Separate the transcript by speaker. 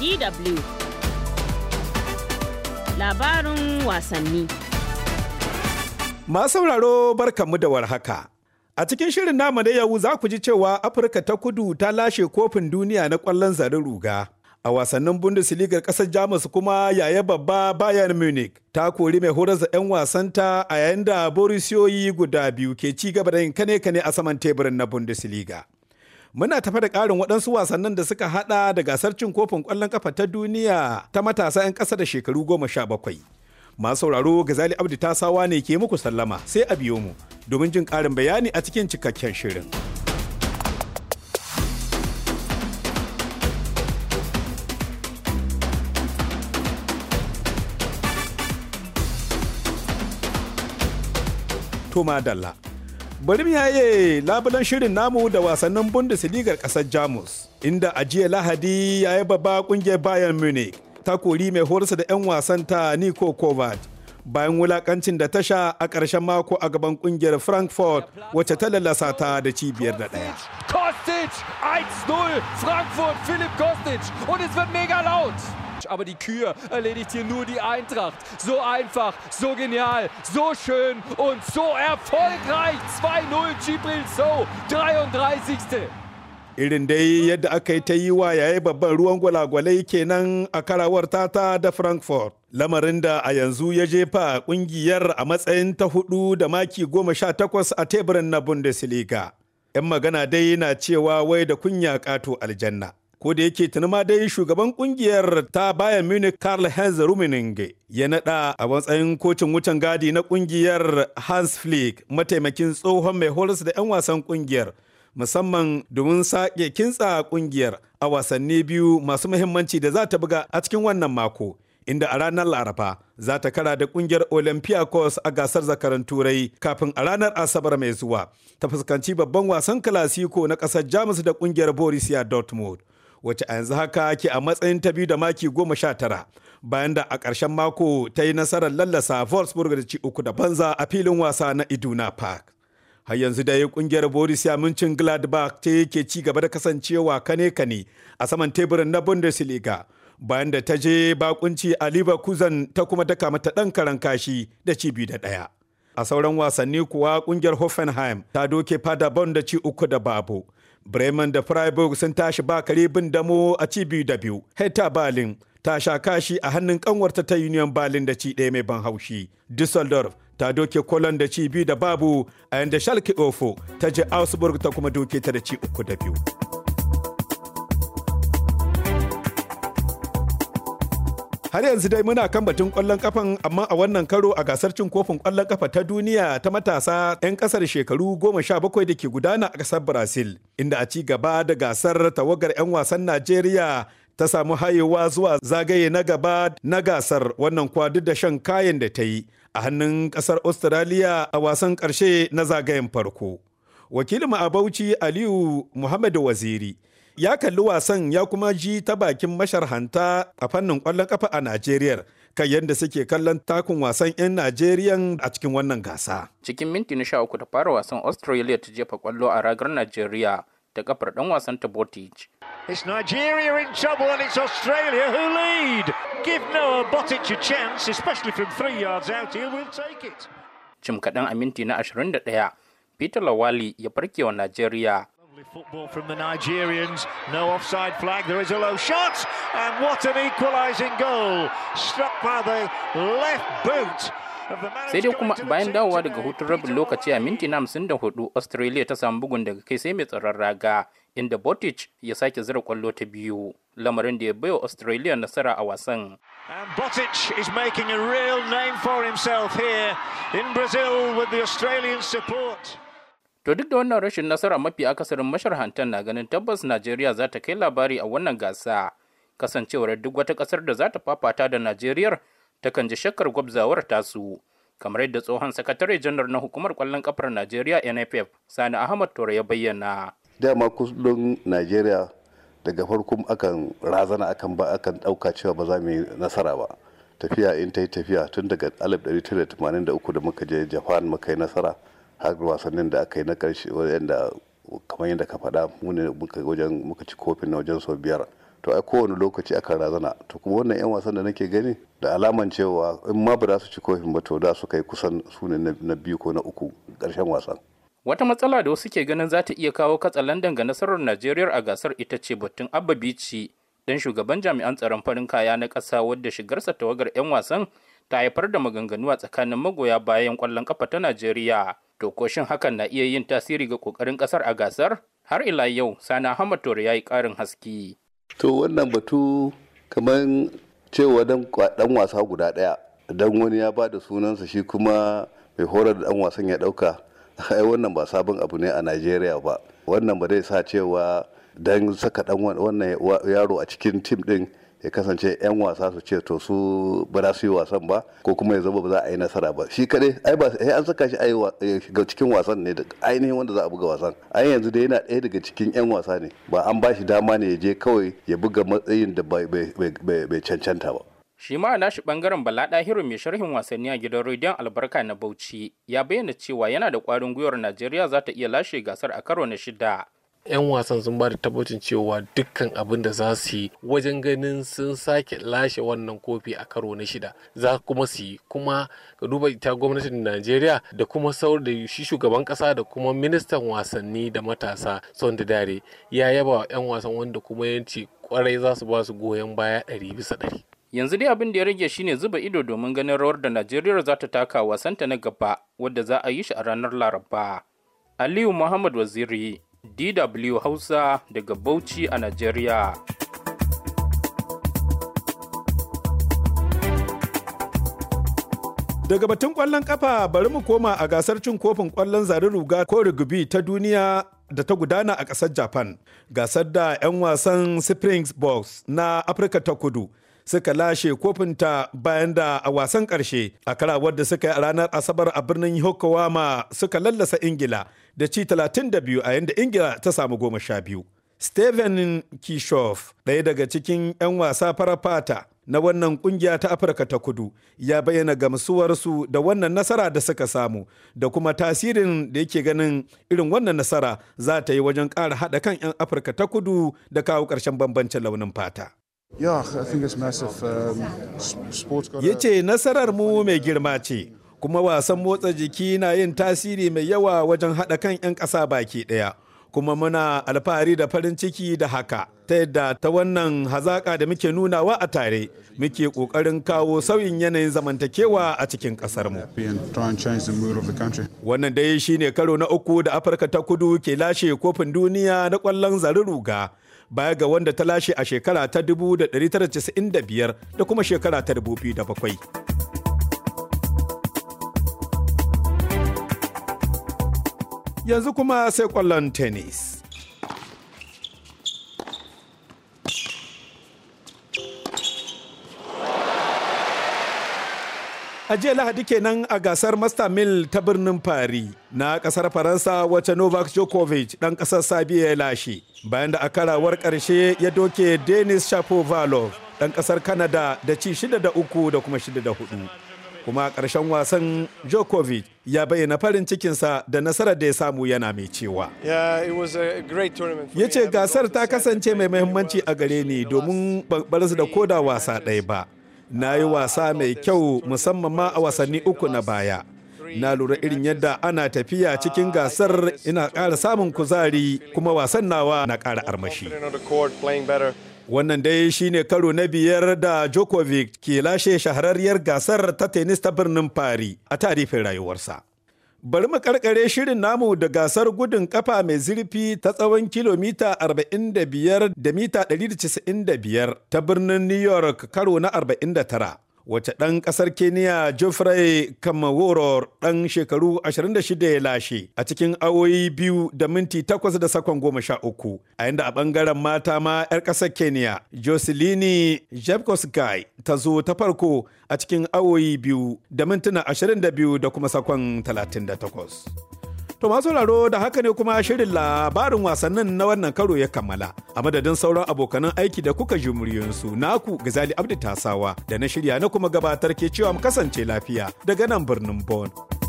Speaker 1: DW Labarin wasanni
Speaker 2: Masu sauraro barkanmu da warhaka. A cikin shirin namu na yau za ku ji cewa Afirka ta kudu ta lashe kofin duniya na ƙwallon zarin ruga. A wasannin Bundesliga ƙasar Jamus kuma yaya babba Bayern Munich ta kori mai horar da 'yan wasanta a yayin da borisiyoyi guda biyu ke ci gaba da yin kane-kane a saman teburin na Bundesliga. Muna tafa da ƙarin waɗansu wasannin da suka haɗa da gasar cin kofin ƙwallon ƙafa ta duniya ta matasa 'yan ƙasa da shekaru goma sha bakwai. Masu sauraro Gazali Abdi Tasawa ne ke muku sallama sai a biyo mu domin jin ƙarin bayani a cikin cikakken shirin. Toma Dalla. Bari mu yaye labulan shirin namu da wasannin Bundesliga kasar Jamus, inda a jiya Lahadi ya yi babba kungiyar Bayern Munich ta kori mai horarsa da 'yan wasan ta Niko Kovac. Bayan wulakancin da ta sha a ƙarshen mako a gaban kungiyar Frankfurt wacce ta lalasa ta da cibiyar da ɗaya. Kostic 1-0 Frankfurt Philipp Kostic und es wird mega laut. aber die Kür erledigt hier nur die Eintracht. So einfach, so genial, so schön und so erfolgreich. 2-0 Gibril So, 33. irin dai yadda aka yi ta yi wa yayi babban ruwan gwalagwalai kenan a karawar tata da frankfurt lamarin da a yanzu ya jefa kungiyar a matsayin ta hudu da maki goma sha takwas a teburin na bundesliga 'yan magana dai na cewa wai da kunya kato aljanna ko da yake tuni ma dai shugaban kungiyar ta Bayern Munich Karl Heinz Rummenigge ya nada a matsayin kocin wucin gadi na kungiyar Hans Flick mataimakin tsohon mai horas da 'yan wasan kungiyar musamman domin sake kintsa kungiyar a wasanni biyu masu muhimmanci da za ta buga a cikin wannan mako inda a ranar laraba za ta kara da kungiyar olympiacos a gasar zakaran turai kafin a ranar asabar mai zuwa ta fuskanci babban wasan klasiko na kasar jamus da kungiyar borussia dortmund wacce a yanzu haka ke a matsayin ta biyu da maki goma sha tara bayan da a ƙarshen mako ta yi nasarar lallasa Wolfsburg da ci uku da banza a filin wasa na Iduna Park. Har yanzu da ya kungiyar Borussia München Gladbach ta yake ci gaba da kasancewa kane-kane a saman teburin na Bundesliga bayan da ta je bakunci a Leverkusen ta kuma daka mata ɗan karan kashi da ci biyu da ɗaya. A sauran wasanni kuwa kungiyar Hoffenheim ta doke ban da ci uku da babu. bremen da freiburg sun tashi ba kare bin damo a ci da biyu heta berlin ta sha kashi a hannun kanwarta ta union berlin da ci ɗaya mai ban haushi düsseldorf ta doke kolon da ci biyu da babu a yanda schalke ofo ta je augsburg ta kuma doke ta da ci uku da biyu Har yanzu dai muna kan batun kwallon kafan amma a wannan karo a gasar cin kofin kwallon kafa ta duniya ta matasa 'yan kasar shekaru goma sha bakwai da ke gudana a kasar Brazil inda a ci gaba da gasar tawagar 'yan wasan Najeriya ta samu hayewa zuwa zagaye na gaba na gasar wannan kwadu da shan kayan da ta yi a hannun kasar australia a wasan karshe na zagayen farko wakilin a bauchi aliyu Muhammadu waziri ya kalli wasan ya kuma ji ta bakin masharhanta a fannin kwallon kafa a Najeriya. kan yadda suke kallon takun wasan 'yan Najeriyan a cikin wannan gasa.
Speaker 3: Cikin minti na 13 da fara wasan Australia ta jefa kwallo a ragar Najeriya da kafar dan wasan ta Botic.
Speaker 2: It's Nigeria in trouble and it's Australia who lead. Give Noah Botic a chance,
Speaker 1: especially from three yards out, he will take it.
Speaker 2: Cim
Speaker 3: kaɗan a minti na 21, Peter Lawali ya farke wa Najeriya
Speaker 1: Lovely football from the Nigerians. No offside flag. There is a low shot. And what an equalizing goal. Struck by the
Speaker 3: left boot. Sai dai kuma bayan dawowa daga hutun rabin lokaci a minti na 54 Australia ta samu bugun daga kai sai mai tsaron raga inda Botic ya sake zira kwallo ta biyu lamarin da ya baiwa Australia nasara a wasan.
Speaker 2: And Botic is making a real name for himself here in Brazil with the Australian support.
Speaker 3: To duk da wannan rashin nasara mafi akasarin masharhantan na ganin tabbas Najeriya za ta kai labari a wannan gasa. Kasancewar duk wata kasar da za ta fafata da Najeriyar takan ji shakkar gwabzawar tasu. Kamar yadda tsohon sakatare janar na hukumar kwallon kafar Najeriya NFF Sani Ahmad Tore ya bayyana.
Speaker 1: Dama kudin Najeriya daga farko akan razana akan ba akan ɗauka cewa ba za mu yi nasara ba. Tafiya in ta yi tafiya tun daga 1983 da muka je Japan muka yi nasara. har wasannin da aka yi na karshe yadda kamar yadda ka faɗa mu wajen muka ci kofin na wajen sau biyar to ai kowane lokaci akan razana to kuma wannan yan wasan da nake gani da alaman cewa in ma ba za su ci kofin ba to da su yi kusan su ne na biyu ko na uku karshen wasan
Speaker 3: wata matsala da wasu ke ganin za ta iya kawo katsalandan ga nasarar najeriya a gasar ita ce batun abba bici dan shugaban jami'an tsaron farin kaya na kasa wadda shigarsa tawagar 'yan wasan ta haifar da maganganu a tsakanin magoya bayan kwallon kafa ta Najeriya. To hakan na iya yin tasiri ga ƙoƙarin ƙasar a gasar? Har ila yau sana Ahmad ya yi karin haske.
Speaker 1: To wannan batu kamar cewa dan wasa guda ɗaya dan wani ya ba da sunansa shi kuma mai horar da dan wasan ya ɗauka ai wannan ba sabon abu ne a Najeriya ba wannan ba zai sa cewa dan saka dan wannan yaro a cikin tim ɗin ya kasance 'yan wasa su ce to su ba za su yi wasan ba ko kuma ya zama ba za a yi nasara ba shi kadai ai ba sai an saka shi a ga cikin wasan ne da ainihin wanda za a buga wasan ai yanzu da yana ɗaya daga cikin 'yan wasa ne ba an ba shi dama ne ya je kawai ya buga matsayin da bai cancanta ba
Speaker 3: shi ma nashi bangaren bala ɗahiru mai sharhin wasanni a gidan rediyon albarka na bauchi ya bayyana cewa yana da kwarin gwiwar najeriya za ta iya lashe gasar a karo na shida 'yan wasan sun ba da tabbacin cewa dukkan abin da za su yi wajen ganin sun sake lashe wannan kofi a karo na shida za kuma su yi kuma ka duba ita gwamnatin najeriya da kuma saur da shi shugaban kasa da kuma ministan wasanni da matasa son da dare ya yaba wa 'yan wasan wanda kuma yanci kwarai za su ba su goyon baya ɗari bisa ɗari. yanzu dai abin da ya rage shine zuba ido domin ganin rawar da najeriya za ta taka wasanta na gaba wadda za a yi shi a ranar laraba aliyu muhammad waziri DW Hausa daga Bauchi a Najeriya.
Speaker 2: Daga batun ƙwallon ƙafa bari mu koma a gasar cin kofin ƙwallon zarin ruga ko rugby ta duniya da ta gudana a ƙasar Japan. Gasar da 'yan wasan Springboks na Afirka ta kudu suka lashe kofinta bayan da a wasan ƙarshe a karawar da suka yi a ranar asabar a birnin Yokohama suka lallasa Ingila da ci 32 a yadda Ingila ta samu goma sha biyu. Steven Kishoff, ɗaya daga cikin 'yan wasa farar fata na wannan kungiya ta Afirka ta kudu, ya bayyana gamsuwarsu da wannan nasara da suka samu da kuma tasirin da yake ganin irin wannan nasara za ta yi wajen ƙara haɗa kan 'yan Afirka ta kudu da kawo ƙarshen bambancin launin fata. Um, ya ce nasarar mu mai girma ce, kuma wasan motsa jiki na yin tasiri mai yawa wajen haɗa kan 'yan ƙasa baki ɗaya. Kuma muna alfahari da farin ciki da haka, ta yadda ta wannan hazaƙa da muke nunawa a tare, muke ƙoƙarin kawo sauyin yanayin zamantakewa a cikin ƙasarmu. Wannan dai shi ne karo na uku da Afirka ta kudu ke lashe kofin duniya na ƙwallon ruga. baya ga wanda ta lashe a shekara ta 1995 da kuma shekara ta 2007. yanzu kuma sai kwallon tennis. A jiya Lahadi kenan a gasar Master Mil ta birnin Fari na kasar Faransa wacce Novak Djokovic dan ƙasar Sabiya ya lashe. Bayan da a karawar karshe ya doke Denis Shapovalov dan ƙasar Canada da ci shida da uku da kuma shida da hudu. Kuma a ƙarshen wasan Djokovic ya bayyana farin cikinsa da nasarar da ya samu yana mai cewa. Ya ce gasar ta kasance mai muhimmanci a gare ni domin bar su da koda wasa ɗaya ba. na yi wasa mai kyau musamman ma a wasanni uku na baya na lura irin yadda ana tafiya cikin gasar ina kara samun kuzari kuma wasan nawa na kara armashi wannan dai shine karo na biyar da Djokovic ke lashe shahararriyar gasar ta tenis ta birnin Paris a tarifin rayuwarsa. Bari mu karkare shirin namu da gasar gudun kafa mai zurfi ta tsawon kilomita 45 da mita 195 ta birnin New York karo na 49. wacce ɗan ƙasar keniya geoffrey kamaworo ɗan shekaru 26 ya lashe a cikin awoyi biyu da minti 8 da sakon 13 a yadda a ɓangaren mata ma 'yar ƙasar keniya joselini jebkoskai ta zo ta farko a cikin awoyi biyu da mintuna 22 da kuma sakon 38 To masu sauraro da haka ne kuma shirin labarin wasannin na wannan karo ya kammala. A madadin sauran abokanan aiki da kuka ji muryoyinsu naku Gazali Abdi Tasawa da na shirya na kuma gabatar ke cewa mu kasance lafiya daga nan birnin Bon.